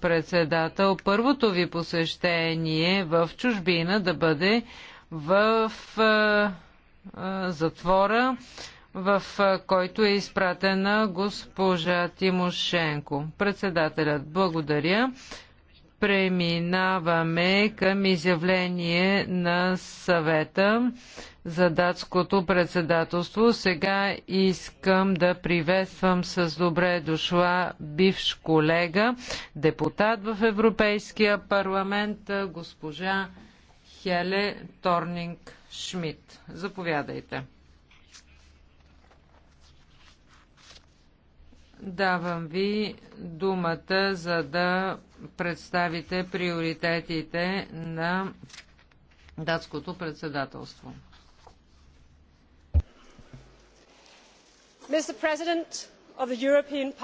председател, първото ви посещение в чужбина да бъде в е, е, затвора, в е, който е изпратена госпожа Тимошенко. Председателят, благодаря. Преминаваме към изявление на съвета за датското председателство. Сега искам да приветствам с добре дошла бивш колега, депутат в Европейския парламент, госпожа Хеле Торнинг Шмидт. Заповядайте. Давам ви думата, за да представите приоритетите на датското председателство. Mr. President of the European Parliament,